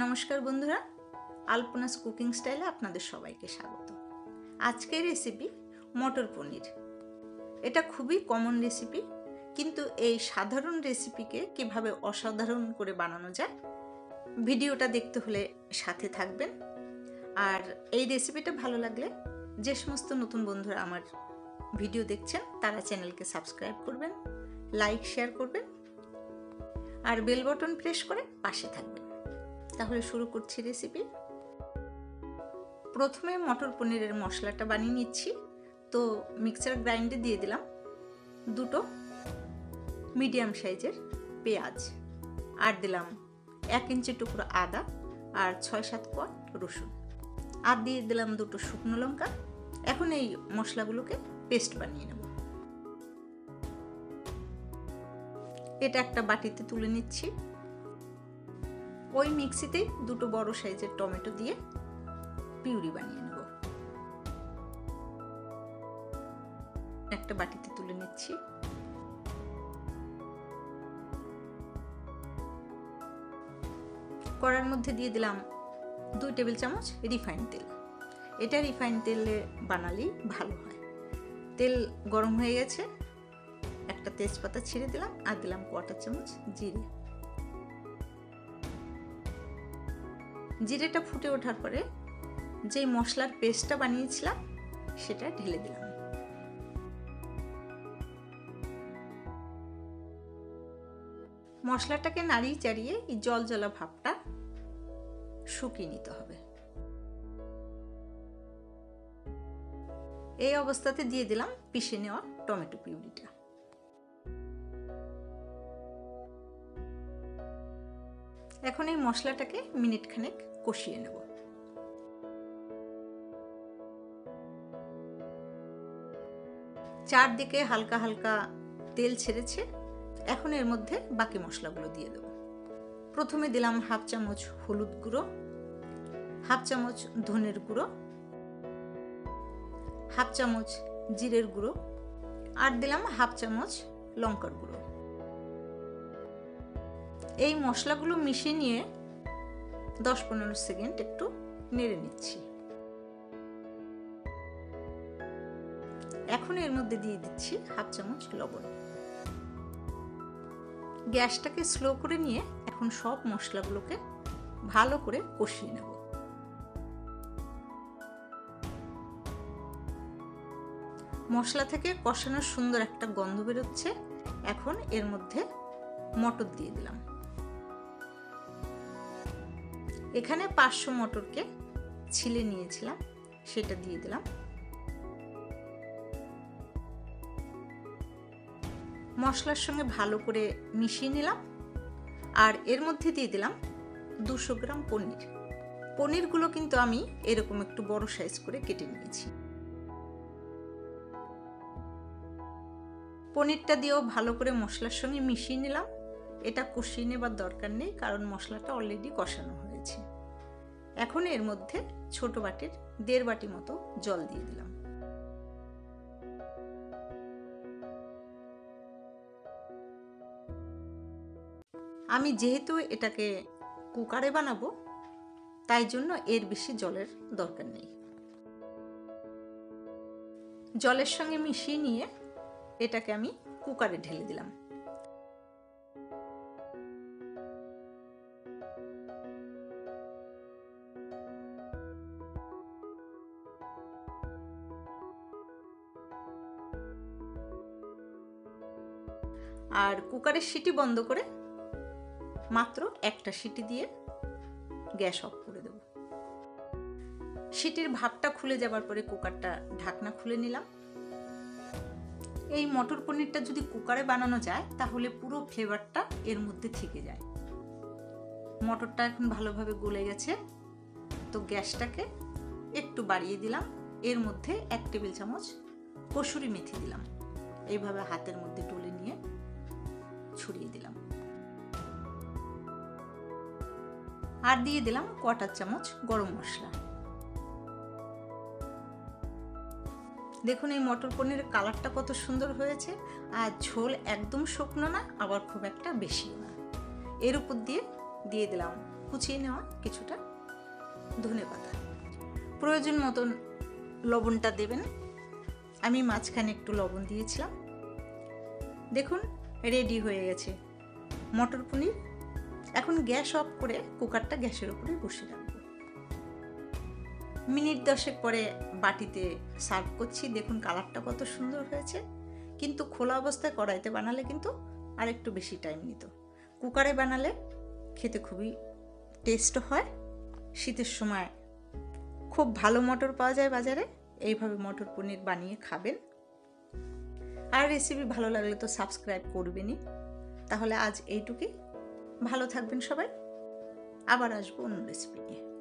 নমস্কার বন্ধুরা আলপনাস কুকিং স্টাইলে আপনাদের সবাইকে স্বাগত আজকের রেসিপি মটর পনির এটা খুবই কমন রেসিপি কিন্তু এই সাধারণ রেসিপিকে কিভাবে অসাধারণ করে বানানো যায় ভিডিওটা দেখতে হলে সাথে থাকবেন আর এই রেসিপিটা ভালো লাগলে যে সমস্ত নতুন বন্ধুরা আমার ভিডিও দেখছেন তারা চ্যানেলকে সাবস্ক্রাইব করবেন লাইক শেয়ার করবেন আর বেল বটন প্রেস করে পাশে থাকবেন তাহলে শুরু করছি রেসিপি প্রথমে মটর পনিরের মশলাটা বানিয়ে নিচ্ছি তো মিক্সার গ্রাইন্ডে দিয়ে দিলাম দুটো মিডিয়াম সাইজের পেঁয়াজ আর দিলাম এক ইঞ্চি টুকরো আদা আর ছয় সাত কোয়া রসুন আর দিয়ে দিলাম দুটো শুকনো লঙ্কা এখন এই মশলাগুলোকে পেস্ট বানিয়ে নেব এটা একটা বাটিতে তুলে নিচ্ছি ওই মিক্সিতেই দুটো বড় সাইজের টমেটো দিয়ে পিউরি বানিয়ে নেব একটা বাটিতে তুলে নিচ্ছি কড়ার মধ্যে দিয়ে দিলাম দুই টেবিল চামচ রিফাইন তেল এটা রিফাইন তেলে বানালেই ভালো হয় তেল গরম হয়ে গেছে একটা তেজপাতা ছিঁড়ে দিলাম আর দিলাম কটা চামচ জিরে জিরেটা ফুটে ওঠার পরে যে মশলার পেস্টটা বানিয়েছিলাম সেটা ঢেলে দিলাম মশলাটাকে নাড়িয়ে চাড়িয়ে এই জল জলা ভাবটা শুকিয়ে নিতে হবে এই অবস্থাতে দিয়ে দিলাম পিষে নেওয়া টমেটো পিউরিটা এখন এই মশলাটাকে মিনিট খানেক কষিয়ে নেব চারদিকে হালকা হালকা তেল ছেড়েছে এখন এর মধ্যে বাকি মশলাগুলো দিয়ে দেব প্রথমে দিলাম হাফ চামচ হলুদ গুঁড়ো হাফ চামচ ধনের গুঁড়ো হাফ চামচ জিরের গুঁড়ো আর দিলাম হাফ চামচ লঙ্কার গুঁড়ো এই মশলাগুলো মিশিয়ে নিয়ে দশ পনেরো সেকেন্ড একটু নেড়ে নিচ্ছি এখন এর মধ্যে দিয়ে দিচ্ছি হাফ চামচ লবণ গ্যাসটাকে স্লো করে নিয়ে এখন সব মশলাগুলোকে ভালো করে কষিয়ে নেব মশলা থেকে কষানোর সুন্দর একটা গন্ধ বেরোচ্ছে এখন এর মধ্যে মটর দিয়ে দিলাম এখানে পাঁচশো মটরকে ছিলে নিয়েছিলাম সেটা দিয়ে দিলাম মশলার সঙ্গে ভালো করে মিশিয়ে নিলাম আর এর মধ্যে দিয়ে দিলাম দুশো গ্রাম পনির পনিরগুলো কিন্তু আমি এরকম একটু বড় সাইজ করে কেটে নিয়েছি পনিরটা দিয়েও ভালো করে মশলার সঙ্গে মিশিয়ে নিলাম এটা কষিয়ে নেবার দরকার নেই কারণ মশলাটা অলরেডি কষানো হয় দিয়েছি এখন এর মধ্যে ছোট বাটির দেড় বাটি মতো জল দিয়ে দিলাম আমি যেহেতু এটাকে কুকারে বানাবো তাই জন্য এর বেশি জলের দরকার নেই জলের সঙ্গে মিশিয়ে নিয়ে এটাকে আমি কুকারে ঢেলে দিলাম আর কুকারের সিটি বন্ধ করে মাত্র একটা সিটি দিয়ে গ্যাস অফ করে দেব সিটির ভাবটা খুলে যাবার পরে কুকারটা ঢাকনা খুলে নিলাম এই মটর পনিরটা যদি কুকারে বানানো যায় তাহলে পুরো ফ্লেভারটা এর মধ্যে থেকে যায় মটরটা এখন ভালোভাবে গলে গেছে তো গ্যাসটাকে একটু বাড়িয়ে দিলাম এর মধ্যে এক টেবিল চামচ কসুরি মেথি দিলাম এইভাবে হাতের মধ্যে ডলে আর দিয়ে দিলাম কটা চামচ গরম মশলা দেখুন এই মটর পনিরের কালারটা কত সুন্দর হয়েছে আর ঝোল একদম শুকনো না আবার খুব একটা বেশি না এর উপর দিয়ে দিয়ে দিলাম কুচিয়ে নেওয়া কিছুটা ধনে পাতা প্রয়োজন মতন লবণটা দেবেন আমি মাঝখানে একটু লবণ দিয়েছিলাম দেখুন রেডি হয়ে গেছে মটর পনির এখন গ্যাস অফ করে কুকারটা গ্যাসের উপরে বসে রাখবো মিনিট দশেক পরে বাটিতে সার্ভ করছি দেখুন কালারটা কত সুন্দর হয়েছে কিন্তু খোলা অবস্থায় কড়াইতে বানালে কিন্তু আর একটু বেশি টাইম নিত কুকারে বানালে খেতে খুবই টেস্ট হয় শীতের সময় খুব ভালো মটর পাওয়া যায় বাজারে এইভাবে মটর পনির বানিয়ে খাবেন আর রেসিপি ভালো লাগলে তো সাবস্ক্রাইব করবেনই তাহলে আজ এইটুকুই ভালো থাকবেন সবাই আবার আসবো অন্য রেসিপি নিয়ে